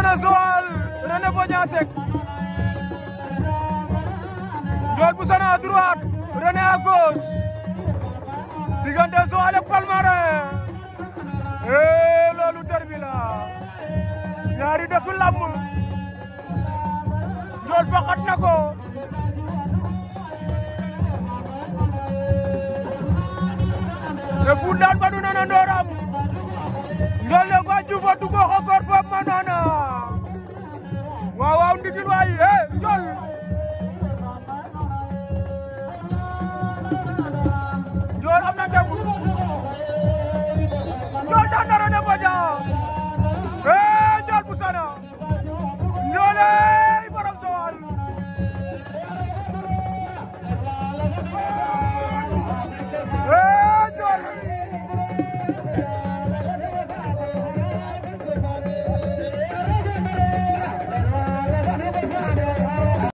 Sono Joal rene Bodian Seck Joal bu Sana droite René à gauche ak eh loolu derbi la ñaari dëkk làmb Joal faxat na ko te bu daan ba du nana ndooram Joal ko du ko xoko digil waayi eh njool